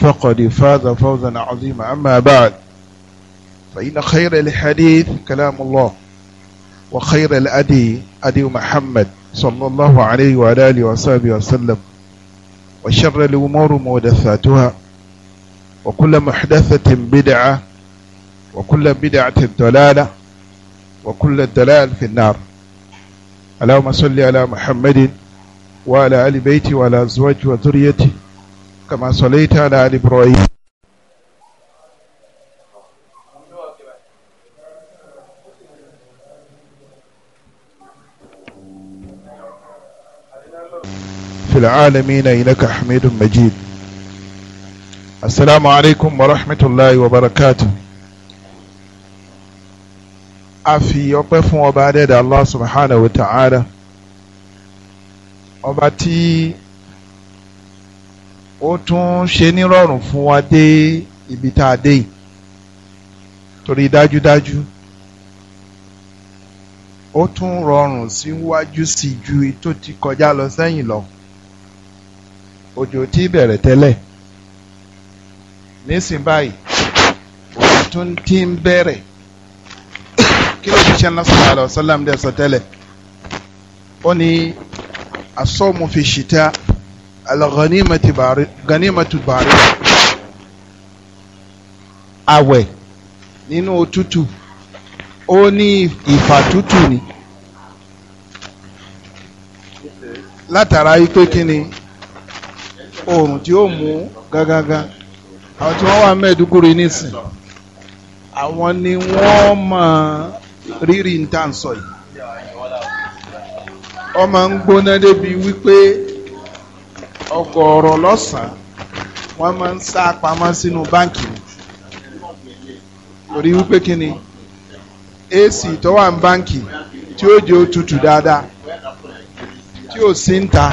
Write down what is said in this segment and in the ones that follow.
فقد فاز فوزا عظيما أما بعد فإن خير الحديث كلام الله وخير الأدي أدي محمد صلى الله عليه وعلى آله وصحبه وسلم وشر الأمور مودثاتها وكل محدثة بدعة وكل بدعة دلالة وكل الدلال في النار اللهم صل على محمد وعلى آل بيتي وعلى أزواجي وذريتي كما صليت على آل إبراهيم في العالمين إنك حميد مجيد السلام عليكم ورحمة الله وبركاته a fi ọpẹ́ fún ọba adẹ́dà Allah subhanahu wa ta'ala ọba tí ó tún ṣe nírọ̀rùn fún wa dé ibi tá a dé yìí torí dájúdájú ó tún rọrùn síwájú sí ju tó ti kọjá lọ sẹ́yìn lọ òjò tí bẹ̀rẹ̀ tẹ́lẹ̀ nísìn báyìí òjò tún ti ń bẹ̀rẹ̀ kí ló ti ṣe ńlá sọ̀rọ̀ àlọ́ sọ́lá ń dẹ̀ sọ tẹ́lẹ̀ ó ní asọ́mu fi ṣìta. alaghanimati bari ganimatu bari. àwẹ̀ nínú òtútù ó ní ni látara wípé kí ni oòrùn tí ó mú gágágá àwọn tí wọ́n wà mẹ́ẹ̀dúgbòrò nísìn àwọn ni wọ́n mọ rírì ń tà ń sọ yìí wọ́n máa ń gbóná débi wípé. ọgọ́rọ̀ lọ́sàn-án wọ́n máa ń sá pamọ́ sínú báǹkì ni torí wípé kí ni ac tó wà ní báǹkì tí ó jẹ́ òtútù dáadáa tí ò sí ń ta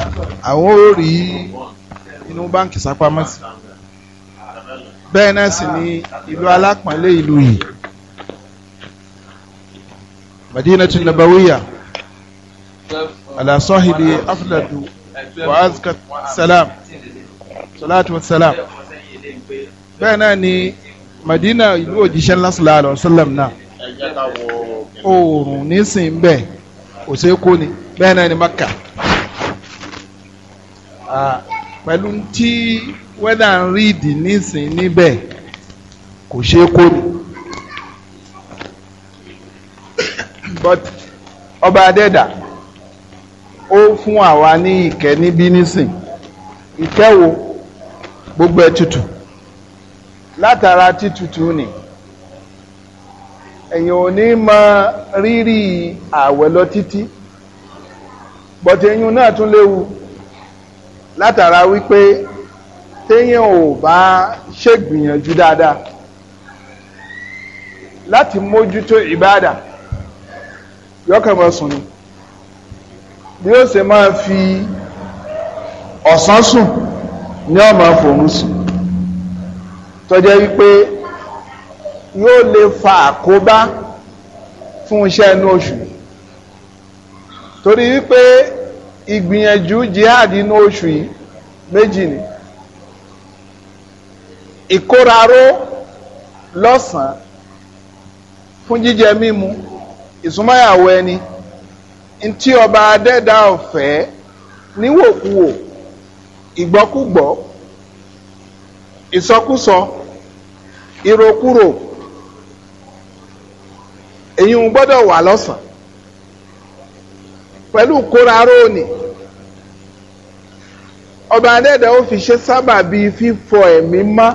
àwọn ò rí inú báǹkì sápamọ́ sí bẹ́ẹ̀ náà sì ni ìlú alápọ̀nlé ìlú yìí madinatu nabawiya ala sahibi afdadu wàhásíkà salam salatu wa salam bẹ́ẹ̀ náà ni Madina ìlú òjíṣẹ́ ńlá sallallahu alaihi wasallam náà oòrùn nísìn bẹ́ẹ̀ òṣèkó ni bẹ́ẹ̀ náà ni Maka pẹ̀lú tí wẹ́dà ń rí ìdí nísìn níbẹ̀ kò ṣeé kó ni but ọba adẹ́dà ó fún àwa ní ìkẹ́ níbí nísìn ìkẹ́ wo gbogbo ẹ̀ tutù látara títutù ni ẹ̀yin ò ní mọ rírì àwẹ̀ lọ títí bọ̀tẹ̀yìn náà tún léwu látara wípé téèyàn ò bá ṣègbìyànjú dáadáa láti mójútó ìbáàdà yọkànmọ́ ni bí ó ṣe máa fi ọ̀sán sùn ní ọmọ fòrún sùn tọ́jẹ́ wípé yóò lè fa àkóbá fún iṣẹ́ inú oṣù torí wípé ìgbìyànjú jihad inú oṣù yìí méjì ni ìkóraró lọ́sàn-án fún jíjẹ mímu ìsúnmọ́yàwó ẹni ntí ọba adẹ́dá ọ̀fẹ́ níwòkuwò ìgbọ́kúgbọ́ ìsọkúsọ ìrokúrò èyí ń gbọ́dọ̀ wà lọ́sàn pẹ̀lú kóra róòní ọba adẹ́dá ó fi ṣe sábàbí fífọ ẹ̀mí mọ́.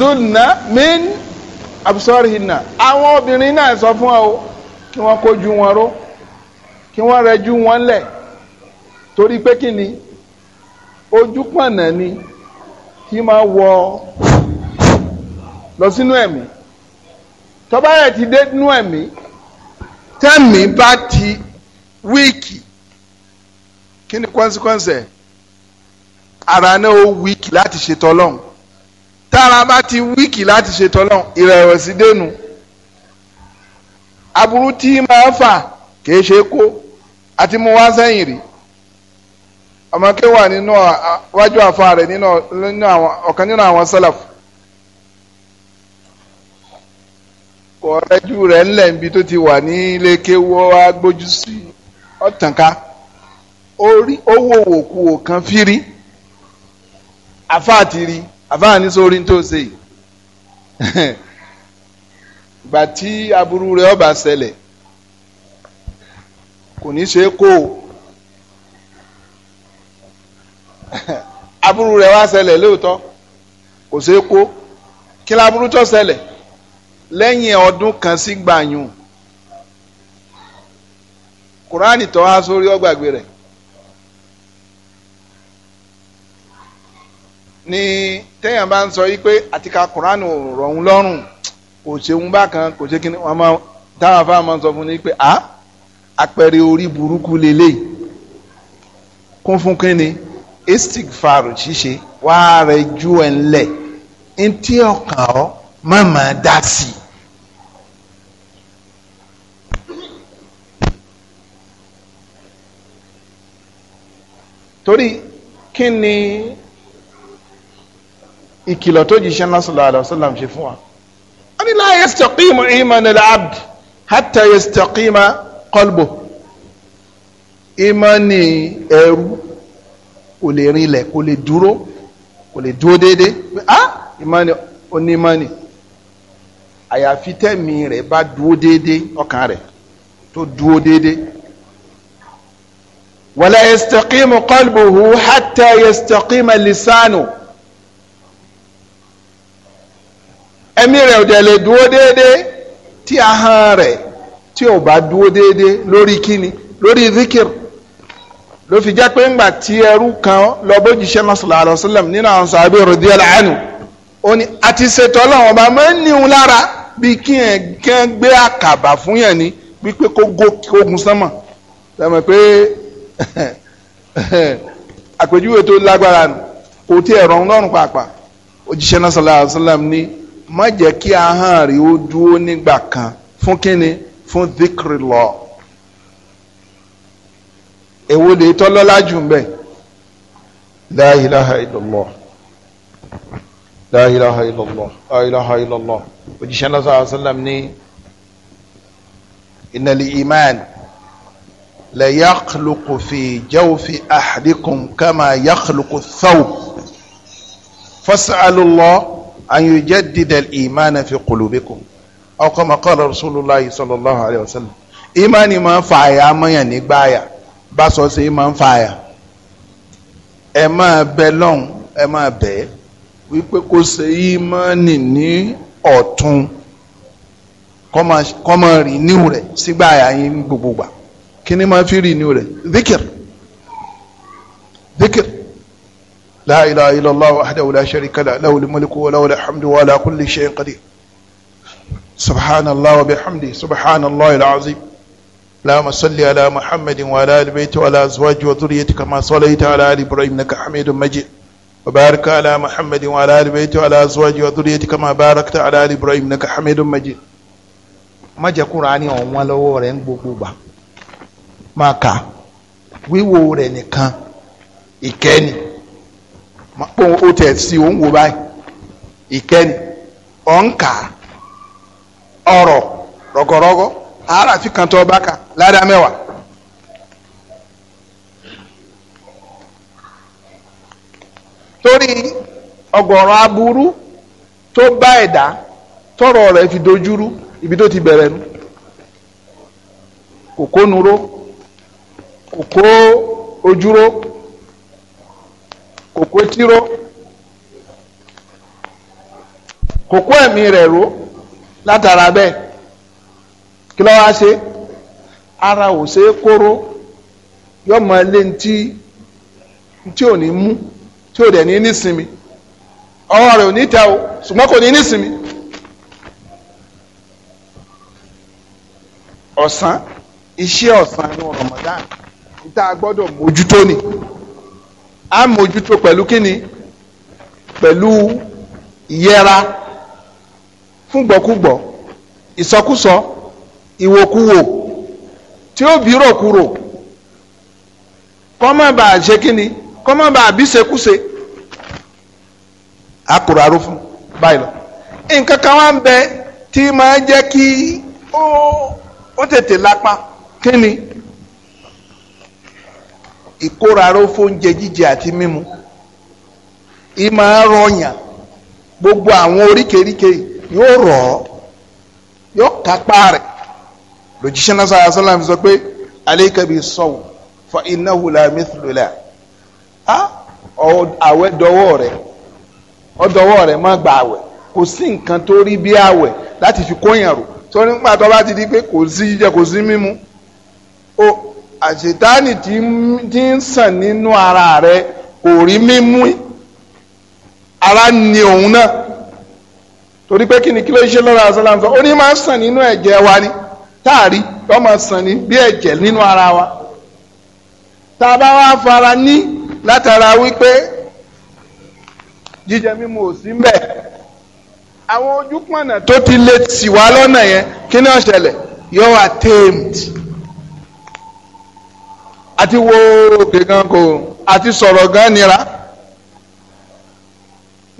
dùnà min absorhinna àwọn obìnrin náà sọ fún ọ kí wọ́n kójú wọn ró kí wọ́n rẹjú wọn lẹ̀ torí pé kí ni ojú pọ̀nà ni kí máa wọ lọ sínú ẹ̀mí tọ́ba yẹn ti dé nínú ẹ̀mí tẹ́mi bá ti wíìkì kí ni consequence ẹ̀ ara náà ó wíìkì láti ṣètò ọlọ́run tára bá ti wíkì láti ṣètò ọlọ́run ìrẹ̀wẹ̀sì dénú aburú tí máa fà kìí ṣe kó àti mo wá sẹ́yìn rí ọmọ ké wà nínú wájú àfa rẹ̀ nínú ọ̀kan nínú àwọn sálàfù kò rẹ́jú rẹ̀ ńlẹ̀ níbi tó ti wà nílé kéwọ́ agbójú sí ọ̀tànká ó wò wò òkan fírí àfa àti rí. àbá ní sórí tó ṣe yìí ìgbà tí aburú rẹ ọba ṣẹlẹ̀ kò ní ṣe kó o aburú rẹ wá ṣẹlẹ̀ lóòótọ́ kò ṣe kó kí laburú tó ṣẹlẹ̀ lẹ́yìn ọdún kan sí gbàyùn kùránì tó há sórí ọgbàgbé rẹ̀ ni téèyàn bá ń sọ yìí pé àti ka Kùránì ò rọ̀hún lọ́rùn kò ṣeun bákan kò ṣe kíni wọn máa táwọn afáà máa ń sọ fún ni pé a àpẹẹrẹ orí burúkú lélẹ̀ kún fún kíni istigfar ṣíṣe wàá rẹ ju ẹ̀ ńlẹ̀ ntí ọkàn ọ má máa dá sí i. torí kí ni ìkìlọ̀ tó jíṣẹ́ náà sallallahu alaihi wasallam ṣe fún wa. wọ́n ní la yastaqimu imanul abd hatta yastaqima qalbu ìmánì ẹrú kò lè rinlẹ̀ kò lè dúró kò lè dúró déédéé pé ah àyàfi tẹ́mi rẹ̀ bá dúró déédéé ọkàn rẹ̀ tó dúró déédéé wala yastaqimu qalbuhu hatta yastaqima lisanu. ẹ̀mí rẹ̀ ò dẹ̀ lè dúró déédéé tí ahọ́n rẹ̀ tí ò bá dúró déédéé lórí kíni lórí zikir ló fi jẹ́ pé ńgbà tí ẹrú kan lọ bójúṣe náà sallallahu alaihi wasallam nínú àwọn sàbẹ̀ radiyallahu anhu ó ní àti ṣètò ọlọ́run ọba máa ń níhun lára bí kí ẹ̀ kán gbé àkàbà fún yẹn ni wípé kó gógun sánmọ̀ sẹ́mi pé àpèjúwe tó lágbára kò tí ẹ̀ rọrùn lọ́rùn pàápàá òjíṣẹ́ náà sallallahu alaihi wasallam ní má jẹ́ kí ahọ́n rí ó dúró nígbà kan fún kíni fún díkìrì lọ èwo lè tọ́lọ́lá jù ń bẹ̀ la ilaha illallah la ilaha illallah la ilaha illallah òjíṣẹ́ náà sallallahu alaihi wasallam ní innal iman la yakhluqu fi jawfi ahadikum kama yakhluqu thawb fas'alu Allah an yujaddida al-imana fi qulubikum aw kama qala rasulullahi sallallahu alayhi wa sallam ìmánì máa ń fa àyà mọ́yàn nígbà àyà bá sọ sí máa ń fa àyà ẹ máa bẹ lọ́hùn ẹ máa bẹ̀ wípé kó ṣe ìmánì ní ọ̀tún kọ́ máa rí níwù rẹ̀ sígbà àyà yín gbogbo gbà kí ni máa fi rí níwù rẹ̀ díkìr díkìr. لا إله إلا الله وحده لا شريك له له الملك وله الحمد وعلى كل شيء قدير سبحان الله وبحمده سبحان الله العظيم لا صل على محمد وعلى آل بيته وعلى أزواجه وذريته كما صليت على آل إبراهيم إنك حميد مجيد وبارك على محمد وعلى آل بيته وعلى أزواجه وذريته كما باركت على آل إبراهيم إنك حميد مجيد má jẹ́ kúránì ọ̀wọ́n lọ́wọ́ rẹ̀ ما كا gbà máa kà wíwo ma kpọ otu esi wo ngwo bai ike ni o nka ọrọ rọgọrọgọ ara fi kan to baka lada mewa tori ogoro aburu to ba eda toro re fi juru ibi to ti bere nu kokonuro koko ojuro. Koko kò tíró kòkó ẹ̀mí rẹ̀ ró látara bẹ́ẹ̀ kí ló wá ṣe ara ò ṣe é kóró yọmọ ilé ntí tí ò ní mú tí ò dẹ̀ ní nísinmi ọwọ́ rẹ̀ ò ní tẹ o ṣùgbọ́n kò ní nísinmi ọ̀sán iṣẹ́ ọ̀sán ní Ramadan níta gbọ́dọ̀ mójútó ni. a mójútó pẹ̀lú kíni pẹ̀lú ìyẹra fún gbọ́kúgbọ́ ìsọkúsọ ìwòkúwò tí ó bí ròkúrò kọ́mọ̀ bá a ṣe kíni kọ́mọ̀ bá a bí ṣekúṣe àkùrọ̀ àrò fún báyìí lọ. nǹkan kan wá ń bẹ tí máa jẹ́ kí ó tètè lápá kíni. ìkóraró fóúnjẹ jíjẹ àti mímu ìmọ̀ rọyàn gbogbo àwọn oríkèéríkè yóò rọ̀ ọ́ yóò kápá rẹ̀ lójíṣẹ́ náà sọ̀rọ̀ sọ́lá mi sọ pé alayka bi fa innahu la mithlu la á àwẹ̀ dọwọ́ rẹ̀ ọdọwọ́ rẹ̀ má gba àwẹ̀ kò sí nǹkan tó rí bí àwẹ̀ láti fi kóyàn rò torí nígbà tó bá ti di pé kò sí jíjẹ kò sí mímu ó àṣetánì tí ń sàn nínú ara rẹ kò rí mímú ara ni òun náà torí pé kí ni kí ló ṣe lọ́rọ̀ àṣàlá sọ ó ní máa sàn nínú ẹ̀jẹ̀ wa ni táàrí tó máa sàn ní bí ẹ̀jẹ̀ nínú ara wa tá a bá wá fara ní látara wípé jíjẹ mímu ò sí mbẹ àwọn ojúpọ̀nà tó ti lè tì wá lọ́nà yẹn kí ni ó ṣẹlẹ̀ attempt àti wo òkè gan kò àti sọ̀rọ̀ gan nira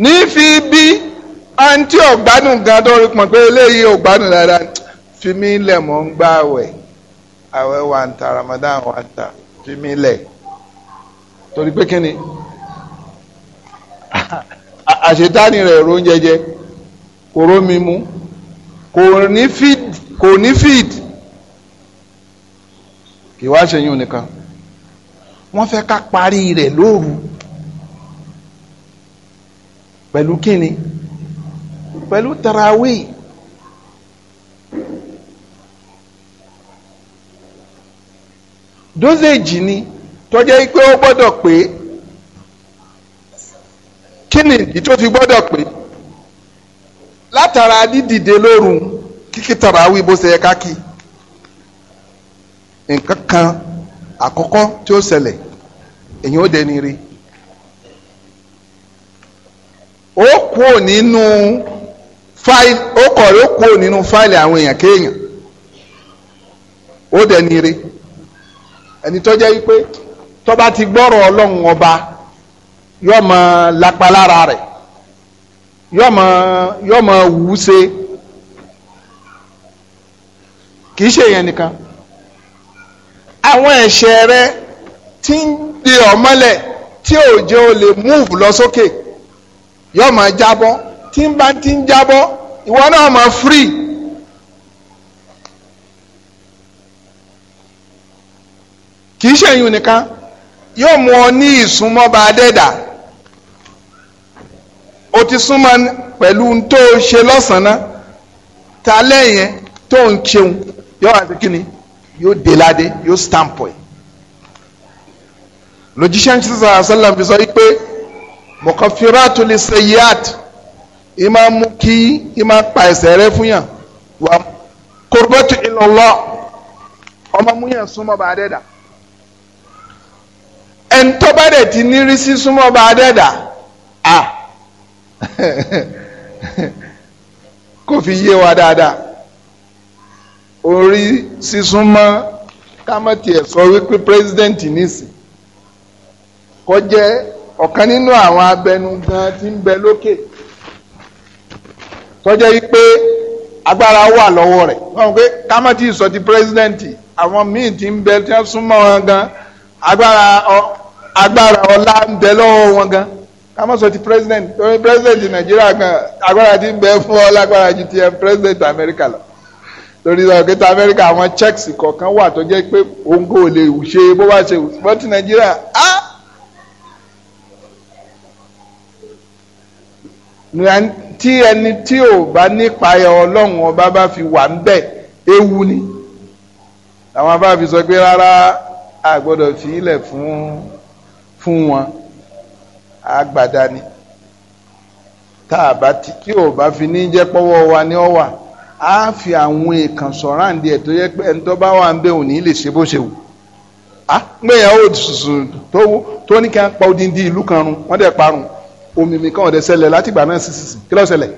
nífi bí àǹtí ọ̀gbádùn gan tó rí pọ̀n pé eléyìí ọ̀gbádùn dáadáa fi lẹ̀ mọ́ ń gbá àwẹ̀ àwẹ̀ wà ń ta Ramadan wà ń ta fi mí lẹ̀ torí pé kíni àṣetáni rẹ̀ ró ń jẹjẹ kò rómi mu kò ní fìd kò ní fìd kì wá ṣe yún nìkan wọ́n fẹ́ ká parí rẹ̀ lóru pẹ̀lú kíni pẹ̀lú tarawih dosage ni tọ́jẹ́ pé ó gbọ́dọ̀ pé kíni ìdí tó fi gbọ́dọ̀ pé látara dídìde lóru kíkí tarawih bó ṣe yẹ ká kí nǹkan kan àkọ́kọ́ tí ó ṣẹlẹ̀ èyàn ó dẹni rí ó kúrò nínú fáìlì ó kọ̀ọ̀rẹ́ ó kúrò nínú fáìlì àwọn èèyàn kéèyàn ó dẹni rí ẹni tó jẹ́ wípé tó ti gbọ́rọ̀ ọlọ́run ọba yóò mọ lápá lára rẹ̀ mọ yóò mọ wù ú ṣe kì í ṣe yẹn nìkan. àwọn ẹ̀ṣẹ̀ rẹ tí ń di ọ̀mọ́lẹ̀ tí ò jẹ́ o lè múùfù lọ sókè yọ máa jábọ́ tí ń bá ti ń jábọ́ ìwọ náà máa fírì. kì í ṣèyún nìkan yóò mú ọ ní ìsúnmọ́ba dẹ́dà o ti súnmọ́ pẹ̀lú tó o ṣe lọ́sàn ta lẹ́yìn tó ń ṣeun yóò wá sí kí yóò dé ládé yóò stamp ẹ̀ lójíṣẹ́ ní sísan àṣàlám fi sọ wípé mọ̀kànfìràtù lè ṣe yíyàt ẹ máa mú kí ẹ máa pa ẹ̀ṣẹ̀ rẹ fún yàn wà kórbẹ́tù ìlọ́lọ́ ọmọ mú yàn súnmọ́ bá dẹ́dà ẹni ti nírí sí súnmọ́ bá dẹ́dà à kò fi yé wa dáadáa. orí sísún mọ́ kámẹ́tì ẹ̀ wípé pírẹ́sidẹ́ǹtì nìsí kó jẹ́ nínú àwọn abẹnugan ti ń bẹ lókè tó wípé agbára wà lọ́wọ́ rẹ̀ pé sọ ti pírẹ́sidẹ́ǹtì àwọn míì tí ń bẹ tí wọ́n súnmọ́ wọn gan agbára agbára ọlá ń bẹ wọn gan sọ ti Nàìjíríà gan agbára ti ń bẹ fún ọ lágbára ju ti ẹ torí sọ pé amẹ́ríkà àwọn checks kọ̀ọ̀kan wà tó jẹ́ pé òun kò lè ṣe bó bá ṣe wọ́n ti nàìjíríà á. tí ẹni tí ò bá nípa ẹ ọlọ́run ọba bá fi wà ń ewu ni àwọn abá fi sọ pé rárá a gbọ́dọ̀ fi ilẹ̀ fún fún wọn àgbàdá ni tá a bá tí ò bá fi ní jẹ́ pọ́wọ́ wa ni ó wà á fi àwọn èèkàn sọ̀rọ̀ àǹdí ẹ̀ tó yẹ pé ẹni tó bá wà ń bẹ̀ òní lè ṣe bó ṣe wù á gbẹ̀yàwó sùsùn tó ní kí wọ́n pa odindi ìlú kan run wọ́n dẹ̀ parun omi mi kàn ọ̀dẹ̀ ṣẹlẹ̀ láti ìgbà náà sísìsì kí ló ṣẹlẹ̀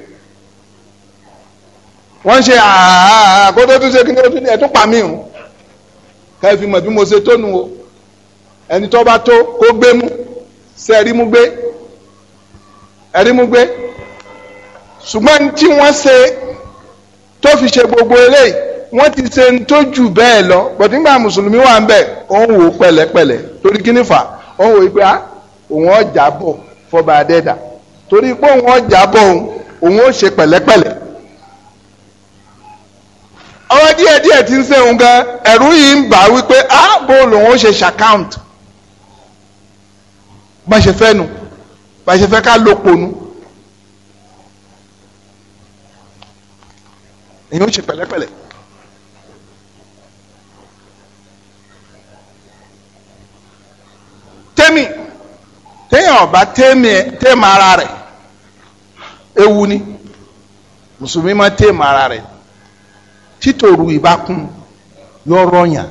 wọ́n ṣe àkó tó tún ṣe kí ló tún ẹ̀ tún pa mí run káyọ̀ fi mọ̀ bí mo ṣe tónu o ẹni tó bá tó kó gbé mú ṣe ẹ̀rí mú gbé ẹ̀rí mú gbé tó fi ṣe gbogbo eléyìí wọ́n ti ṣe ń tó jù bẹ́ẹ̀ lọ bọ̀dé nígbà mùsùlùmí wà ń bẹ̀ òun wò pẹ̀lẹ́pẹ̀lẹ́ torí kí ni fà ah, òun wò pé òun ọjà bọ̀ fọba adẹ́dà torí pé òun ọjà bọ̀ òun òun ó ṣe pẹ̀lẹ́pẹ̀lẹ́ ọwọ́ díẹ̀ ti ń ṣe òun gan ẹ̀rú yìí ń bà wípé á ah, lòun ó ṣe ṣàkáùntì bá fẹ́ nu bá fẹ́ ká lóponu èyí ó ṣe pẹ̀lẹ́pẹ̀lẹ́. tẹ́mì téèyàn ọba tẹ́mì tẹ́mì ara rẹ̀ ewu ni mùsùlùmí máa tẹ́mì ara rẹ̀ títòru ìbákun yóò rọyàn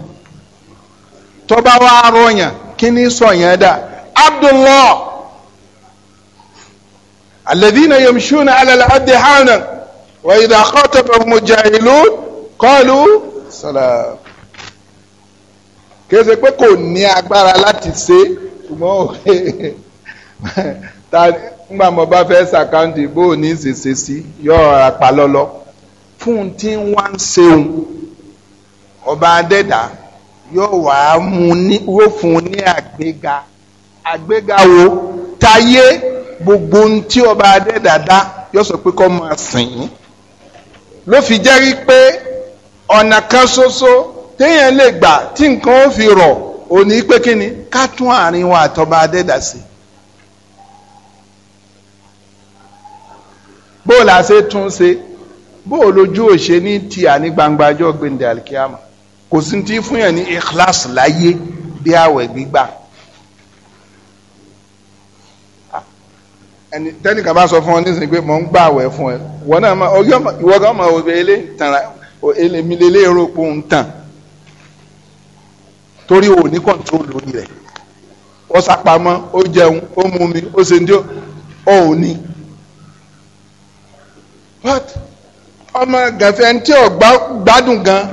tọ́ba wa rọyàn kí ni sọ̀yàn dà abdullah alladhina yamshuna ala al-ardi hawnan. وإذا خاطبهم الجاهلون قالوا سلام kése pé kò agbara agbára láti ṣe ṣùgbọ́n ta nígbà mo bá fẹ́ ṣàkáǹdì bó o ní ṣèṣe sí yọ apá lọ́lọ́ fún tí wọ́n ń ṣeun ọba adẹ́dà yóò wá mú ní wó fún ní àgbéga àgbéga wo táyé gbogbo ohun tí ọba adẹ́dà dá yóò sọ pé kó máa sìn yín ló fi jẹ́ rí pé ọ̀nà kan ṣoṣo téèyàn lè gbà tí nǹkan ó fi rọ̀ òní pé kí ni ká tún àárín wa àtọba adẹ́dà sí. bóòlù àṣẹ tún ṣe bóòlù ojú òṣè ní tìyà ní gbangba ọjọ́ gbẹ̀ndẹ̀ alikiyama kò sí ti fún yàn ní ikhlas láyé bí àwẹ̀ gbígbà. ẹni tẹ́nìkan bá sọ fún ọ nísìnyí pé mò ń gbà wẹ̀ fún ẹ wọ́n náà ma ọjọ́ ìwọ kan mọ̀ òbí ilé tàn èmi lè lé èrò pò ń tàn torí o ní control lórí rẹ̀ ó sapamọ́ ó jẹun ó mu mi ó ṣe ndí ó ò ní. what ọmọ gàfẹ́ tí ò gbádùn gan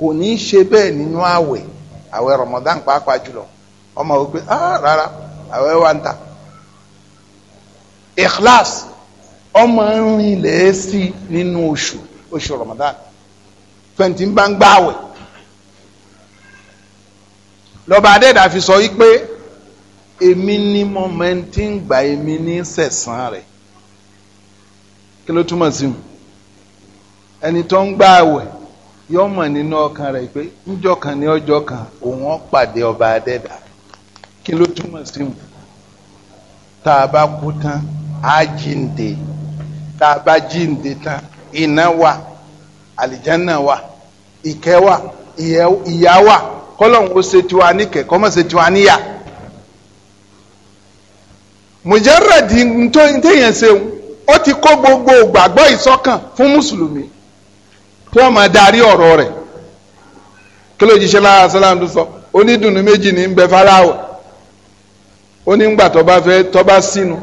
kò ní í ṣe bẹ́ẹ̀ nínú àwẹ̀ àwẹ̀ Ramadan pàápàá jùlọ ọmọ ògbé ah rárá àwẹ̀ wa ń ta ikhlas ọmọ rìn lè sí nínú oṣù oṣù Ramadan twenty ń bá ń gbààwẹ̀ lọ́ba adẹ́dà fi sọ wípé èmi ni mo máa ń ti ń gbà èmi ní sẹ̀sán rẹ̀ kí ló túmọ̀ sí mu ẹni tó ń gbààwẹ̀ yóò mọ̀ nínú ọkàn rẹ̀ pé níjọ́ kan ní ọjọ́ kan òun pàdé ọba adẹ́dà kí ló túmọ̀ sí mu tá a bá kú tán àjínde tá a bá jínde tán iná wà àlìjánná wà ìkẹ́ wà ìyà wà kọ́lọ́hún ó ṣe tiwa níkẹ́ kọ́mọ́ ṣe tiwa níyà ṣeun ó ti kó gbogbo gbàgbọ́ ìsọ́kàn fún mùsùlùmí tí wọ́n máa darí ọ̀rọ̀ rẹ̀ kí ló jíṣẹ́ lára sọ onídùnnú méjì ní ń bẹ fáráwọ̀ tó bá fẹ́ tó bá sínú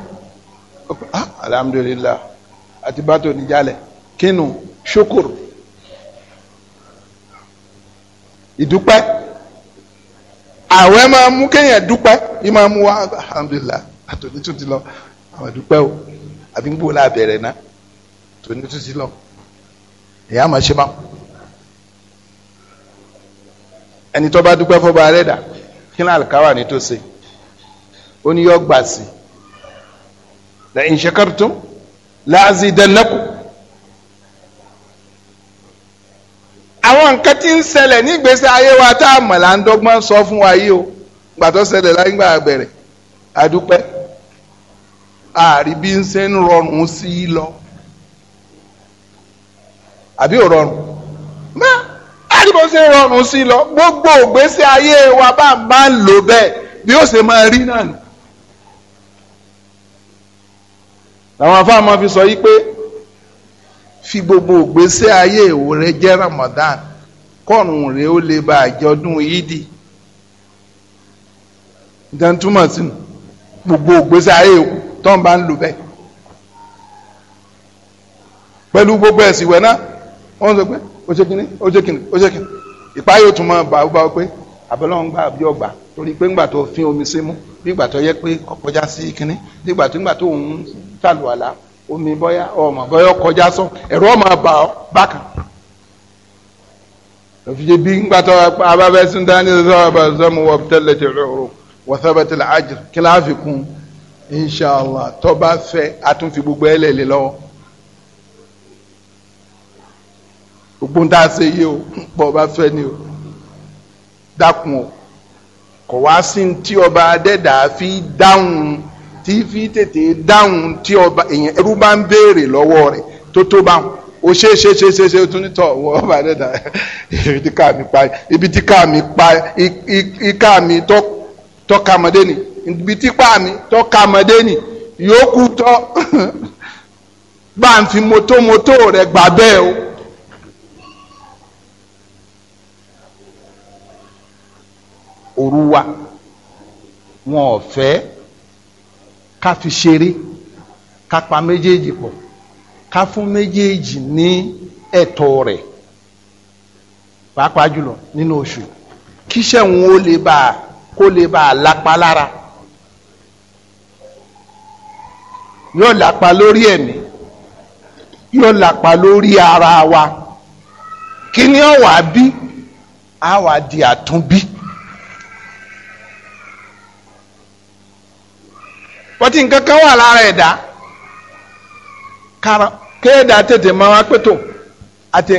Ah, alhamdulilah àti bàtò níjàlẹ̀ kínú ṣokòrò ìdúpẹ́ àwẹ̀ máa mú kéèyàn dúpẹ́ yìí máa mú wa alhamdulilah àtòní tún ti lọ àwọn ìdúpẹ́ o àbí ń gbó la bẹ̀rẹ̀ náà tòní tún ti lọ èyí máa ṣe bá ẹni tó bá dúpẹ́ fọba rẹ̀ dà kí ní àlùkáwà ní tó ṣe ó ní yọ gbà la in shakartum la azidannakum. àwọn nǹkan tí ń ṣẹlẹ̀ ní ìgbésí ayé wa tá a mọ̀ là ń dọ́gbọ́n sọ fún wa yìí o gbàtọ́ ṣẹlẹ̀ lágbà àbẹ̀rẹ̀ àdúpẹ́ ààrí bí ń ṣe ń rọrùn sí i lọ àbí ò rọrùn má ààrí ṣe ń rọrùn sí i lọ gbogbo ìgbésí ayé wa bá ń bá ń lò bẹ́ẹ̀ bí ó ṣe máa rí náà nù. làwọn afáàmọ́ fi sọ yí pé fi gbogbo ògbésẹ́ ayé ìwò rẹ jẹ́ Ramadan kọ́ọ̀nù rẹ ó lè ba àjọdún yídì nǹkan túmọ̀ sí gbogbo ògbésẹ́ ayé ìwò tó ń bá ń lò bẹ́ẹ̀ pẹ̀lú gbogbo ẹ̀sìn ìwẹ̀ náà wọ́n sọ pé ó ṣe kínní ó ṣe kínní ó ṣe kínní ìpáyé ó tún mọ́ bàbá pé àbẹ̀lọ́ngbà àbí ọgbà torí pé ńgbà tó fi omi sí mú nígbà tó yẹ pé ọkọjá sí kínní nígbà tó nígbà tó ń tàlùwàlà omi bọ́yá ọmọ bọ́yá ọkọjá sọ ẹ̀rọ ọmọ bá ọ bákan òfìjì bí ńgbà tó abáfẹ́ sundá ní sọ ọba sọmu wọ tẹ́lẹ̀ tẹ̀ ọ̀rọ̀ wọ́sọ̀bẹ̀tẹ̀ àjẹ kíláàfì kún inṣàlá tó fẹ́ àtúnfi gbogbo ẹ̀ lẹ́lẹ́ lọ́wọ́. gbogbo ń dá ṣe bá fẹ́ ni o dákun o kò wá sí tí ọba adẹ́dà fi dáhùn tí fi tètè dáhùn tí ọba èèyàn ẹrú bá ń béèrè lọ́wọ́ rẹ̀ tó tó bá wọn o ṣe ṣe ṣe ṣe ṣe tún nítọ̀ wọ ọba adẹ́dà ibi tí ká mi pa ibi tí ká mi pa iká mi tọ́kamọdé ni ibi tí pa mi tọ́kamọdé ni yòókù tọ́ bá ń fi mọ́tò mọ́tò rẹ̀ gbà bẹ́ẹ̀ o. òru wa wọn ò fẹ́ ká fi ṣeré ká pa méjèèjì pọ̀ ká fún méjèèjì ní ẹ̀tọ́ rẹ̀ pàápàá jùlọ nínú oṣù kíṣẹ́ wọn ó lè bá kó lè bá lápá lára yóò lápá lórí ẹ̀mí yóò lápá lórí ara wa kí ni ó bí á wá di àtúnbí. pọtí nǹkan kan wà lára ẹ̀dá kára kéèdà tètè máa wá pé àti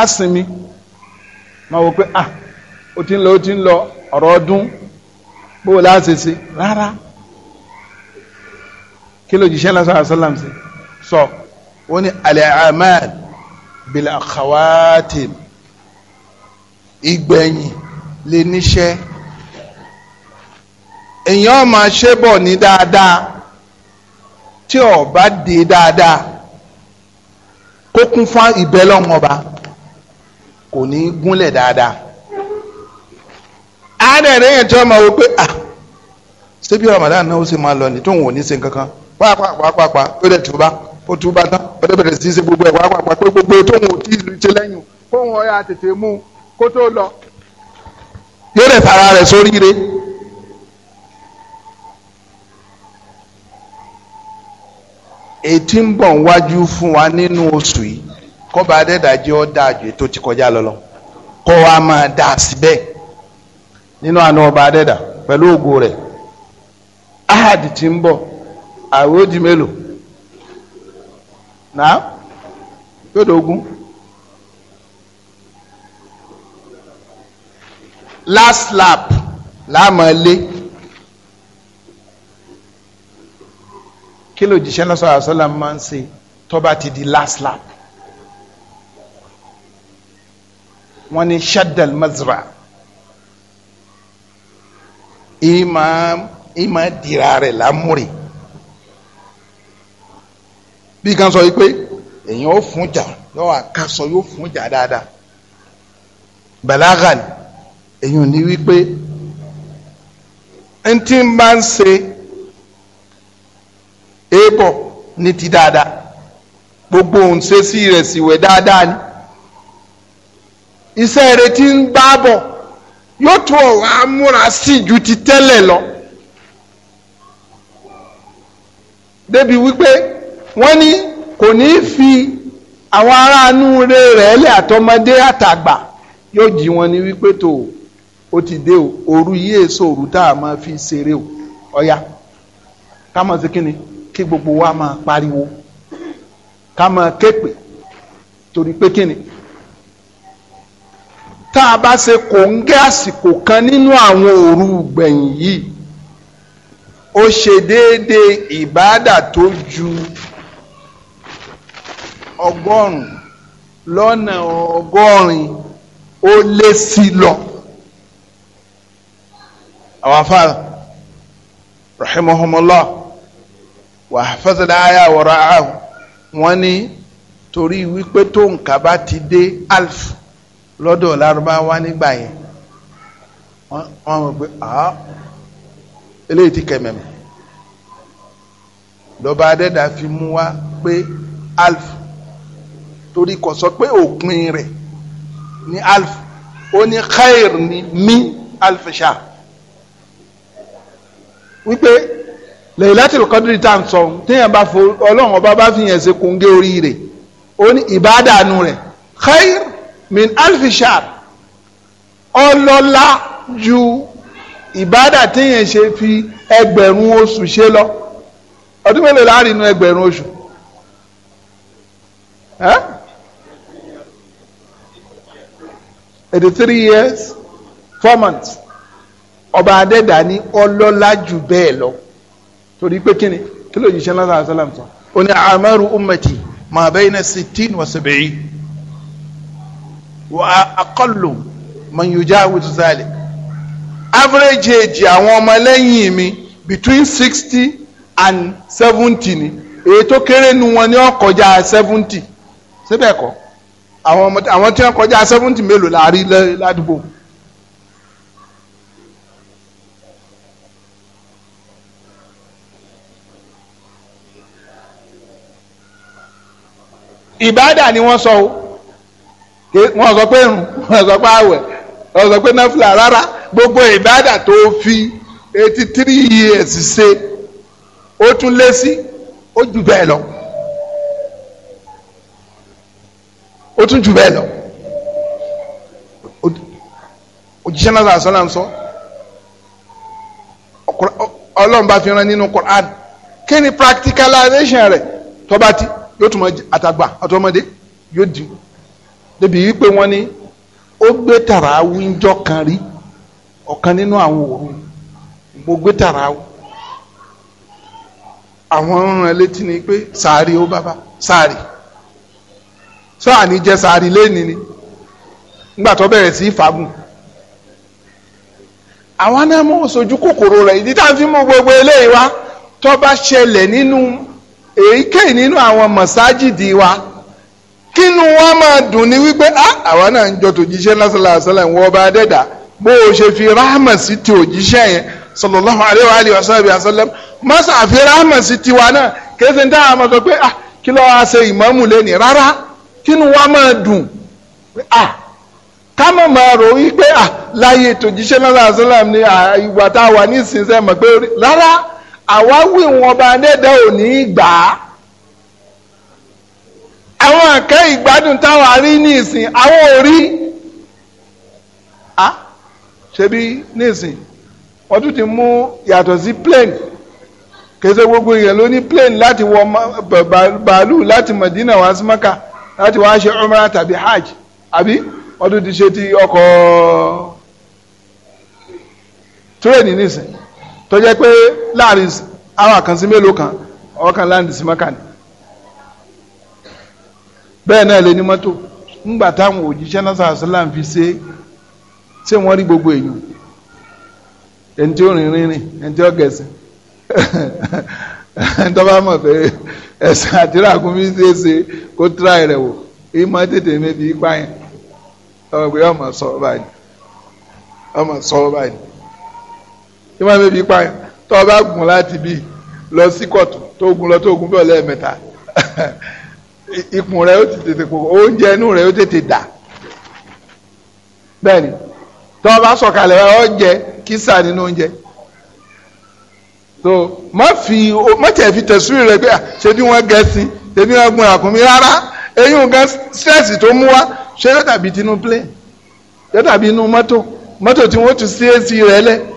àsìnmi máa wò pé ah o ti ń lọ o ti ń lọ ọ̀rọ̀ ọdún bó o láti ṣe rárá kí ló jíṣẹ́ lásán àṣàlám sí sọ wọ́n ní alẹ́ amal bil ìgbẹ̀yìn lè níṣẹ́ èèyàn máa ṣe bọ̀ ní dáadáa tí ò bá di dáadáa kó kún fún ìbẹ́lọ́mọba kò ní gúnlẹ̀ dáadáa àádẹ́rẹ́ yẹn tí wọ́n máa wọ pé ah ṣé bí Ramadan náà ó sì máa lọ ní tóun ò ní ṣe nǹkan kan pàápàá ó dẹ̀ túbá ó túbá tán ó dẹ̀ bẹ̀rẹ̀ sí í ṣe gbogbo ẹ̀ pàápàá pé gbogbo tóun ò tí ì ṣe lẹ́yìn kóun ọ̀ya tètè mú kó tó lọ yóò dẹ̀ fara rẹ̀ sóríire. So tí ń bọ̀ wájú fún wa nínú oṣù yìí kọ́ba adẹ́dàjẹ́ ọ́ dáa ju ètò ti kọjá lọ lọ kọ́ wa máa dà síbẹ̀ nínú àna ọba adẹ́dà pẹ̀lú ògo rẹ̀ ahadi ti ń bọ̀ àwẹ̀ òdì mélòó náà gbẹdọ̀gún last lap láàmú ilé. La kí ló jíṣẹ́ náà sọ̀rọ̀ sọ́lá máa ń ṣe tó bá ti di last lap wọ́n ní shaddal mazra ìmọ̀ ìmọ̀ dira rẹ̀ lámúrì bí kan sọ wípé èèyàn ó fún jà yóò wá yóò fún jà dáadáa balagan èèyàn ní wípé ntí ń bá ń ṣe. kọ̀ ní ti dáadáa gbogbo òun ṣe sí rẹ̀ sì wẹ̀ dáadáa ni iṣẹ́ rẹ̀ ti ń bá bọ̀ yóò tó ọ̀wá múra sí ju ti tẹ́lẹ̀ lọ débi wípé wọ́n ní kò ní fi àwọn aráàánú rẹ̀ rẹ̀ lẹ̀ àtọmọdé àtàgbà yóò jí wọn ní o ti dé o òru yìí èso òru tá fi ṣeré o ọ̀ya ká kí gbogbo wa máa pariwo ká máa képe torí pé kí ni tá a bá ṣe kò ń gé àsìkò kan nínú àwọn òru gbẹ̀yìn yìí ó ṣe déédéé ìbáàdà tó ju ọgọ́rùn lọ́nà ọgọ́rin ó lé sí lọ. àwọn afárá rahimahumullah wàhafazada aya wọ̀rọ̀ ahù wọ́n ní torí wípé tó nǹka bá ti dé alf lọ́dọ̀ lárúbáwá nígbà yẹn wọ́n mọ̀ pé ah eléyìí ti kẹ̀mẹ̀mẹ̀ lọ́ba adẹ́dà fi mú wa pé alf torí kò sọ pé òpin rẹ̀ ní alf ó ní khair ní mí alf ṣáà wípé. Laylatul Qadri tá à ń sọ téèyàn bá fo ọlọ́run ọba bá fi yẹn ṣe kóńgé orí rẹ̀ ó ní ìbádàánú rẹ̀ khair min alfi shahr ọlọ́lá ju ìbádà téèyàn ṣe fi ẹgbẹ̀rún oṣù ṣe lọ ọdún mélòó láàrin inú ẹgbẹ̀rún oṣù eighty three years four months ọba adẹ́dà ní ọlọ́lá jù bẹ́ẹ̀ lọ torí pé kíni kí ló yíṣẹ́ lásán àṣàlám sọ ó ní amaru ummati ma bayna sittin wa sab'in wa aqallu man yujawizu zalik average age àwọn ọmọlẹ́yìn mi between sixty and seventy ni èyí tó kéré nu wọn ni ó kọjá seventy síbẹ̀ kọ́ àwọn tí wọ́n kọjá seventy mélòó la rí ládùúgbò. ìbádà ni wọ́n sọ o wọ́n sọ pé irun wọ́n sọ pé àwẹ̀ wọ́n sọ pé náfìlà rárá gbogbo ìbádà tó fi eighty three years ṣe ó tún lé sí ó jù bẹ́ẹ̀ lọ ó tún jù bẹ́ẹ̀ lọ òjíṣẹ́ náà sàásán náà sọ ọlọ́run bá fi ran nínú Quran kí ni practicalization rẹ̀ tọ́ba ti. yóò tún mọ àtàgbà ọtọmọdé yóò dì débi wípé wọ́n ní ó gbé tàràwí ńjọ́ kan rí ọ̀kan nínú àwọn òru mo gbé tàràwí àwọn ọ̀ràn létí ni pé sàárì ó bàbá sàárì sọ àní jẹ sàárì lẹ́ni ni nígbà tó bẹ̀rẹ̀ sí fagùn àwọn náà mọ̀ sojú kòkòrò rẹ̀ ìdí tá a fi mú gbogbo eléyìí wá tó bá ṣẹlẹ̀ nínú èyíkéyìí nínú àwọn mọ̀sájìdì wa kínú wọn máa dùn ní wípé ah, àwa náà ń jọ tòjíṣẹ́ lásàlàsàlà ìwọ ọba adẹ́dà bó o ṣe fi ráhàmà sí ti òjíṣẹ́ yẹn sallallahu alaihi wa alihi wasallam wasallam mọ́sà fi ráhàmà sí tiwa náà kéde ń dáhà máa sọ pé ah kí ló wá ṣe ìmámù lẹ́nì rárá kínú wọn máa dùn ah ká mọ̀ máa rò wípé ah láyé tòjíṣẹ́ lásàlàsàlà ni ìwà tá a wà ní ìsinsẹ́ mọ̀ pé rárá àwáwí wọn ọba adẹ́dẹ́ ò ní í gbà á àwọn àkẹ́ ìgbádùn táwọn arí ní ìsìn àwọn ò a ah, ṣebí ní ìsìn wọ́n tún ti mú yàtọ̀ sí plane kèsè gbogbo èèyàn ló ní plane láti wọ bàálù láti Madina wá sí Maka láti wá ṣe umrah tàbí hajj àbí wọ́n tún ti ṣe ti ọkọ̀ tírẹ̀nì ní ìsìn. tó jẹ́ pé láàrin awa kan sí mélòó kan ọkàn láàrin sí mọ́kà ni bẹ́ẹ̀ náà ní mọ́tò ńgbà táwọn fi ṣe ṣé wọ́n gbogbo èèyàn ẹni tí ó rìn rìnrìn ẹni tí ó gẹ̀ẹ́sìn ẹni tó bá mọ̀ pé ẹ̀sìn àti ràkún fi ṣe é ṣe kó tíra rẹ̀ wò ìmọ̀ tètè ọ báyìí ọmọ tí wọ́n fi pa yẹn tó o bá gùn láti bí lọ sí kọ̀tù tó gùn lọ tó gùn bẹ́ẹ̀ lẹ́ẹ̀mẹ́ta ikùn rẹ̀ ó ti tètè kò oúnjẹ inú rẹ̀ ó tètè dà bẹ́ẹ̀ni tó bá sọ̀kalẹ̀ oúnjẹ kísà nínú oúnjẹ so má fi má tẹ̀ fi tẹ̀sùn rẹ̀ pé ṣé bí wọ́n gẹ̀ sí ṣé bí wọ́n gun àkúnmí rárá eyín gan stress tó mú wá ṣé yóò tàbí tinú plane yóò tàbí inú mọ́tò mọ́tò tí wọ́n tún sí èsì rẹ̀ lẹ́ẹ̀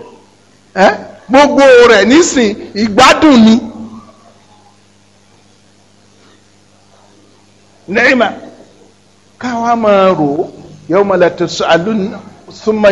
ẹ gbogbo rẹ̀ nísìn ìgbádùn ni. nẹ́ẹ̀mà káwa máa rò yawma la tus'alun thumma